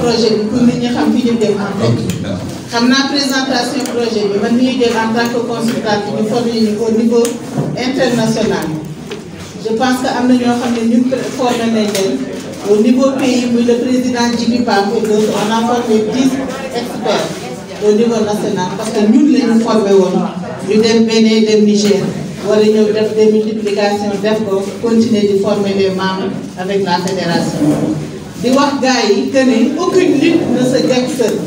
projet bi pour nit ñi xam fi ñu dem en fait xam naa présentation projet bi man mi ñu jël en tant que ñu formé ñu au niveau international je pense que am na ñoo xam ne ñu formé nañ leen au niveau pays muy le président Djibi Pape et d'autres on a formé au niveau national parce que ñun la ñu formé woon ñu dem Bénin dem Niger wala ñëw def des multiplications def ko continuer di former les membres avec la fédération di wax gars yi que ne aucune lutte ne se gagne seule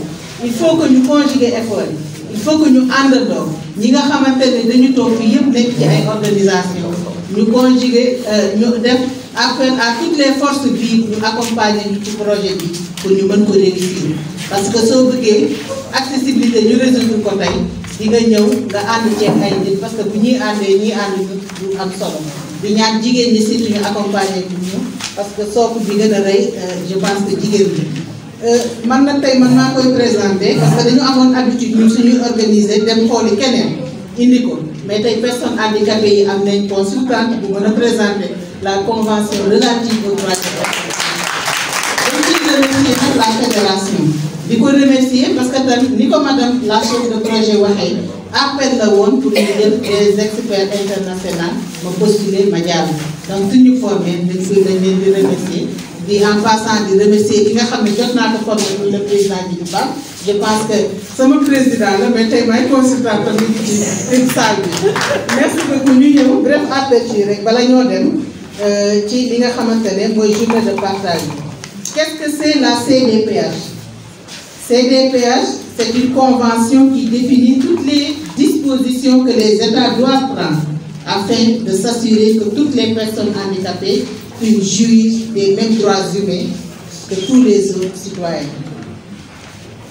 il faut que ñu conjuguer effort yi il faut que ñu àndandoo ñi nga xamante ne dañu toog fii yëpp nekk ci ay organisation ñu conjuguer euh, ñu def appel à toutes les forces vives ñu accompagner ñu projet bi pour ñu mën ko réussir parce que soo bëggee accessibilité ñu résoudre ko tey di nga ñëw nga ànd ceeg ay nit parce que bu ñuy àndee ñu ànd du am solo. di ñaan jigéen ñi surtout ñu bi ñu parce que sook bi gën a rey euh, je pense que jigéen ñi euh, man nag tey man maa koy présenté parce que dañu amoon habitude ñun suñuy organiser dem xooli keneen indi ko mais tey personne handicapée yi am nañ consultante bu mën a présenter la convention relative aux droits des personnes. dañ ciy remercier nag la fédération di ko remercier parce que tamit ni ko madame la chef de projet waxee. appel la woon pour ñu jël des experts internationaux ma postuler ma jàll donc suñu formé dañ koy dañ leen di remercier di en passant di remercier ki nga xam ne jot naa ko formé pour le président Djibi Ba je pense que sama président la mais tey may consultant tamit ci salle bi merci beaucoup ñu ñëw bref aperçu rek bala ñoo dem euh, ci li nga xamante ne mooy journée de partage bi qu'est-ce que c'est la C'est une convention qui définit toutes les dispositions que les États doivent prendre afin de s'assurer que toutes les personnes handicapées puissent jouir des mêmes droits humains que tous les autres citoyens.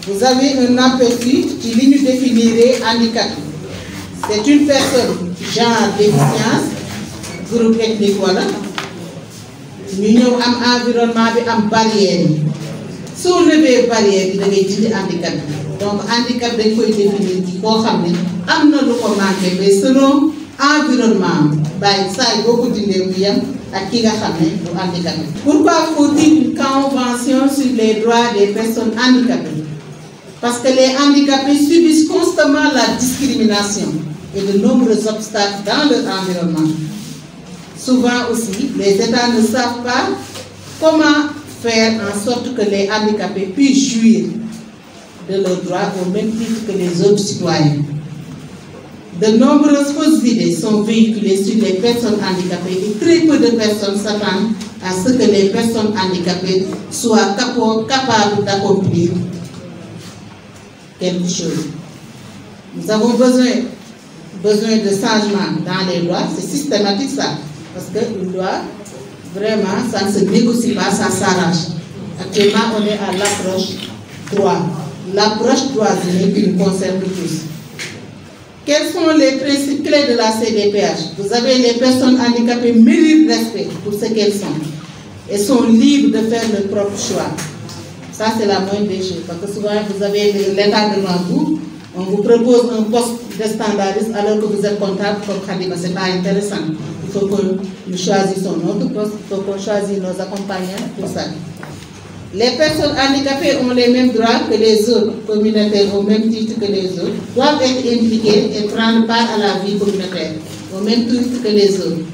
Vous avez un aperçu qui lui définirait handicapé. C'est une personne genre déficience groupe ethnique wala ñu ñëw am environnement bi am barrière yi soo barrière bi da ngay dindi handicap donc handicap dañ koy définir ci koo xam ne am na loo ko manqué mais selon environnement bàyyi saa yi boo ko mu yem ak ki nga xam ne lu handicapé. pourquoi faut-il convention sur les droits des personnes handicapées parce que les handicapés subissent constamment la discrimination et de nombreux obstacles dans leur environnement souvent aussi les États ne savent pas comment faire en sorte que les handicapés puissent jouir de leurs droits au même titre que les autres citoyens. De nombreuses fausses idées sont véhiculées sur les personnes handicapées et très peu de personnes s'attendent à ce que les personnes handicapées soient capables d'accomplir quelque chose. Nous avons besoin, besoin de changements dans les lois, c'est systématique ça, parce que une loi, vraiment, ça ne se négocie pas, ça s'arrache. Actuellement, on est à l'approche droit. l'approche cloisonnée qui nous concerne tous. Quelles sont les principes clés de la CDPH Vous avez les personnes handicapées méritent respect pour ce qu'elles sont et sont libres de faire leur propre choix. Ça, c'est la moindre des choses. Parce que souvent, vous avez l'État devant vous, on vous propose un poste de standardiste alors que vous êtes comptable comme Khadima. Ce n'est pas intéressant. Il faut que nous choisissons notre poste, il faut qu'on choisisse nos accompagnants, tout ça. Les personnes handicapées ont les mêmes droits que les autres communautaires au même titre que les autres, doivent être impliquées et prendre part à la vie communautaire au même titre que les autres.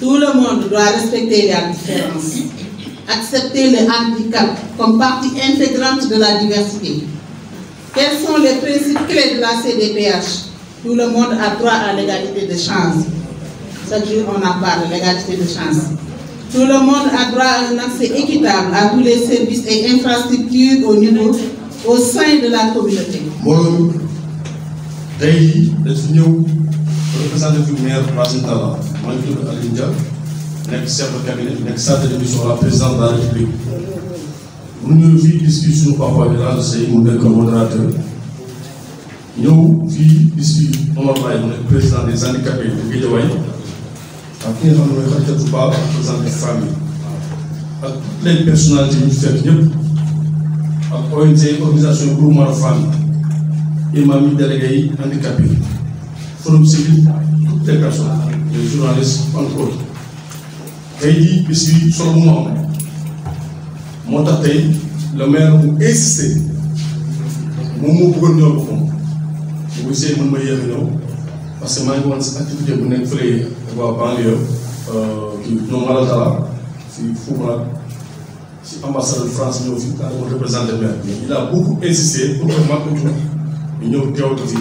Tout le monde doit respecter la différence, accepter le handicap comme partie intégrante de la diversité. Quels sont les principes clés la CDPH Tout le monde a droit à l'égalité de chance. Chaque jour, on en parle, l'égalité de chance. Tout le monde a droit à équitable à tous les services et infrastructures au niveau de la communauté. mbooloo tey jii dañ fi ñëw représenté fi maire Racine Talla maa ngi tudd Aliou Dia nekk chef de cabinet nekk chargé de mission la présidente de la République papa bi Racine Seye mu nekk modérateur ñëw fii gis fii Omar Baye mu nekk président des handicapés bu ak ki nga xam ne mooy xarit bu baax représenté femmes yi ak toutes les personnalités yu ñu fekk ñëpp ak ONG organisation groupement de femmes yi imam yi délégués yi handicapé yi forum civil toutes les personnes les journalistes encore tey jii bis bi solo bu mu am moo tax tey le maire mu insisté moom moo bëggoon ñëw boppam bu gisee man ma yéex a ñëw parce que maa ngi woon sa activité bu nekk fële waa banlieue kii ñoom Malal Talla si Foumac si ambassade de France ñëw fi daa doon représenté maire mais il a beaucoup insisté pour que Mame Oudou ñu ñëw teew ko fi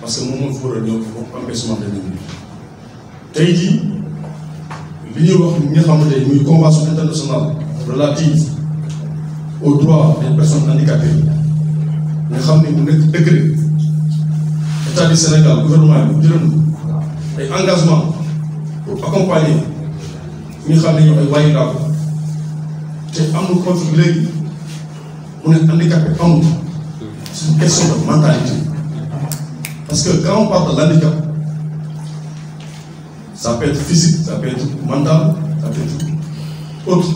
parce que moom moo fi war a ñëw pour empêchement de nit ñi tey jii li ñuy wax li nga xamante muy convention internationale relative aux droits des personnes handicapées nga xam ne mu nekk décret état du Sénégal gouvernement bi jëloon ay engagement accompagner ñu xam ne ñu ay waayu daaw te amul conflit léegi mu ne handicapé amul c'est de mentalité parce que quand on parle de l'handicap ça peut être physique ça peut être mental ça peut être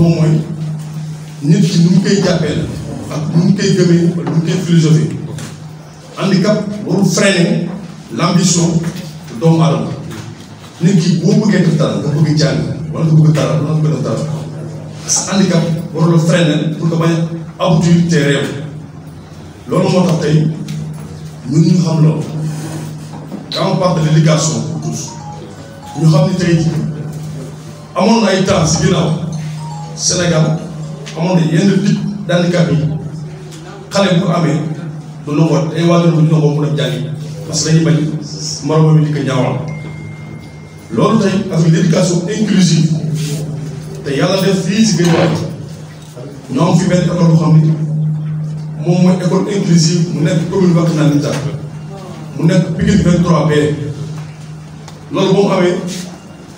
mooy nit ki nu mu koy jàppee la ak nu mu koy gëmee wala nu mu koy philosophie doomu aadama nit ki boo bëggee def dara nga bëgg jàng wala nga bëgg dara wala nga bëgg def dara sa handicap warul freiner bañ a aboutir te loolu moo tax tey ñun ñu loolu quand on parle de l'éducation pour ni tey amoon na ay temps si ginnaaw Sénégal amoon na yenn nit d'handicap yi xale bu amee du nangoo ay waajur bu ñu nangoo mu dem jàngi parce que dañuy bañ moroomam yi di ko ñaawal loolu tey ak l'éducation inclusive te yàlla def fii si Guédiawaye ñoo am benn école boo xam ni moom mooy école inclusive mu nekk commune Wakhinane Nimza mu nekk Pikine 23B loolu boo mu amee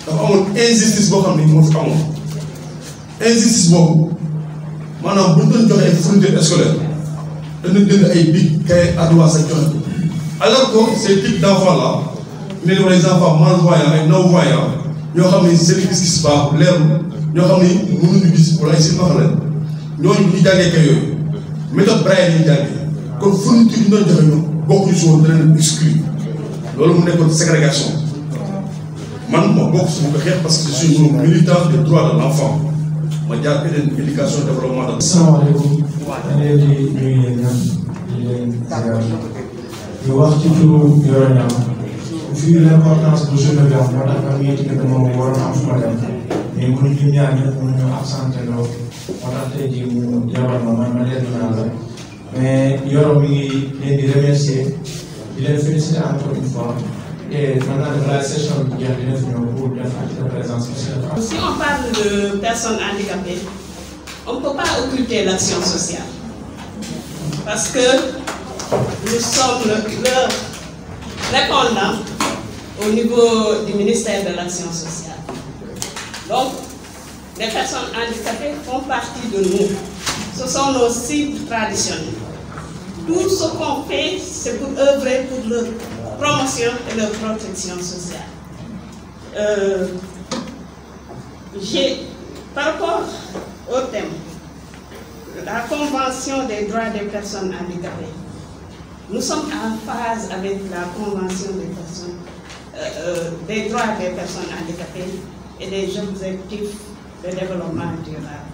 dafa amoon injustice boo xam ne moo fi amoon injustice boobu maanaam bu ñu doon joxee fourniture scolaire dana jënd ay big kay alors que ces types d'enfants là même les enfants malvoyants ak non-voyants ñoo xam ne seen gis-gis baaxul leerul ñoo xam ne mënuñu gis wala si max la ñooñu ñu jàngee kay yooyu méthode Braille yi ñu jàngee kon fourniture yi ñu doon joxe ñoom bokkuñu si woon dana leen exclu loolu mu nekkoon ségrégation man ma bokk su ma ko xeex parce que je suis un militant des droits de l'enfant ma jaar beneen éducation développement. asalaamaaleykum. ñu ngi leen di nuyu yéen ñëpp di leen di wax ci turu Yoro Niang vu l'importance du jeu de moo tax man mii tamit moom waroon am fu ma dem mais mënuñu ñaar ñëpp mënuñu absenté loolu moo tax tey jii mu jabar ma man ma leen naa la mais Yoro mi ngi leen di remercier di leen féliciter encore une fois et maintenant la session bi jeex dina fi ñëw pour def acte de présence si on parle de personnes handicapées on peut pas occulter l'action sociale parce que nous sommes leur répondant au niveau du ministère de l'Action sociale. Donc, les personnes handicapées font partie de nous. Ce sont nos cibles traditionnelles. Tout ce qu'on fait, c'est pour œuvrer pour leur promotion et leur protection sociale. Euh, par rapport au thème, la Convention des droits des personnes handicapées, Nous sommes en phase avec la Convention des personnes, euh, euh, des droits des personnes handicapées et des objectifs de développement durable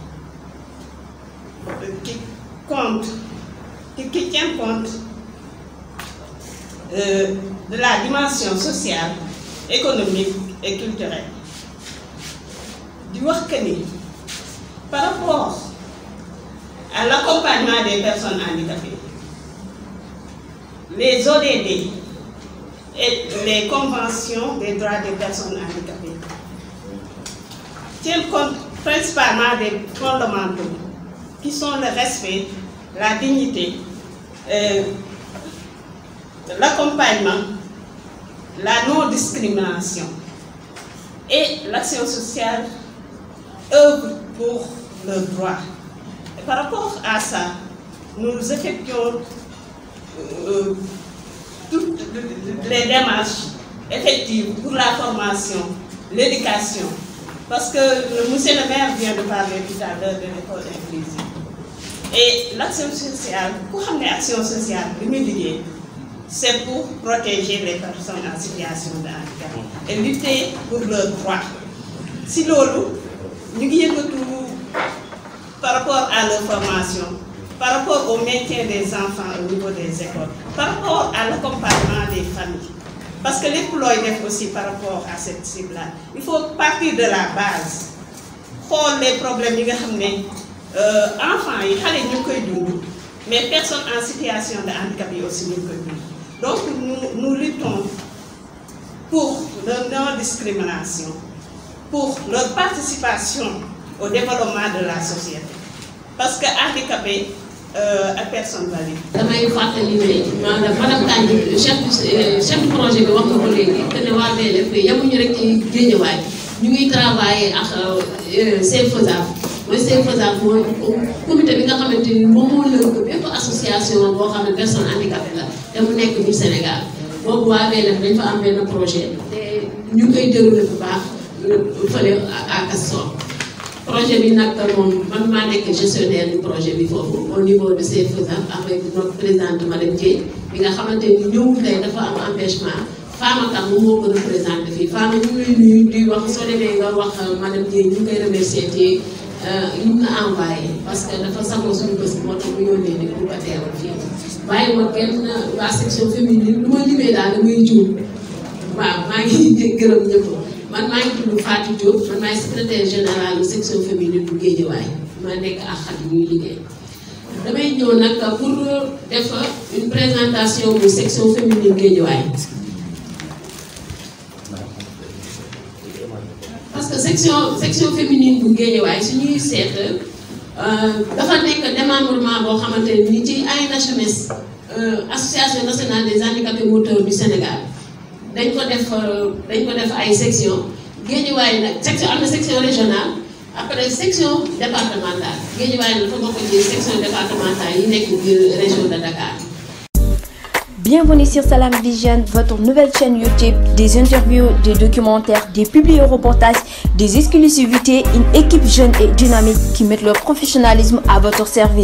euh, qui compte, qui, qui tient compte euh, de la dimension sociale, économique et culturelle. di wax que rapport à l'accompagnement des personnes handicapées les ODD et les conventions des droits des personnes handicapées tiennent compte principalement des fondamentaux qui sont le respect, la dignité, euh, l'accompagnement, la non-discrimination et l'action sociale œuvre pour le droit. par rapport à ça, nous effectuons euh, toutes les démarches effectives pour la formation, l'éducation. Parce que le monsieur le maire vient de parler tout à l'heure de l'école inclusive. Et l'action sociale, pour amener l'action sociale, c'est pour protéger les personnes en situation de handicap et lutter pour leurs droits. Si l'on nous par rapport à leur formation, par rapport au maintien des enfants au niveau des écoles par rapport à l'accompagnement des familles parce que lépp looy def aussi par rapport à cette cible il faut partir de la base xool les problèmes yi nga xam ne euh, enfants yi xale ñu ngi koy dund mais personne en situation de handicap yi aussi ñu ngi koy dund donc nous nous pour leur non discrimination pour leur participation au développement de la société parce que handicapé Euh, ak personnels yi. damay fàttali ne maanaam madame Kandji chef euh, chef du projet bi wax na ko léegi te ne waa VLF yemuñu rek ci géejawaay ñu ngi travailler ak CFESAF mooy CFESAF mooy comité bi nga xamante ni moom moo lëkk bépp association boo xam ne personne handicapée la te mu nekk biir Sénégal boobu waa VLF fa am benn projet te ñu ngi koy déroulé bu baax euh, fële à à Castor. projet bi nag moom man maa nekk gestionnaire du projet bi foofu au niveau de CFEA avec notre présidente madame Dieng bi nga xamante ni ñëwul tey dafa am empêchement Fama moom moo ko représenté fii Fama ñu ngi lay nuyu wax soo demee nga wax euh, madame Dieng ñu ngi koy remercier te euh, ñu na envoyé parce que dafa sangoo suñu bés moo tax mu yónnee ni pour ko teewal fii bàyyi ma kenn euh, waa section féminine lu ma limee daal damay juum waaw maa ngi gërëm man maa ngi tudd Fatou Diop man maay secrétaire général section féminine bu Guédiawaye maa nekk damay ñëw nag pour def une présentation bu section féminine Guédiawaye parce que section section féminine bu Guédiawaye suñuy seet euh, dafa nekk démembrement boo xamante ni ci ANHMS euh, association nationale des handicapés moteurs du Sénégal dañ ko def euh, dañ ko ay section Guédiawaye nag section régionale après section départementale Guédiawaye nag dafa section départementale yi nekk biir région de Dakar. Bienvenue sur Salam Vision, votre nouvelle chaîne YouTube, des interviews, des documentaires, des publi des exclusivités, une équipe jeune et dynamique qui met leur professionnalisme à votre service.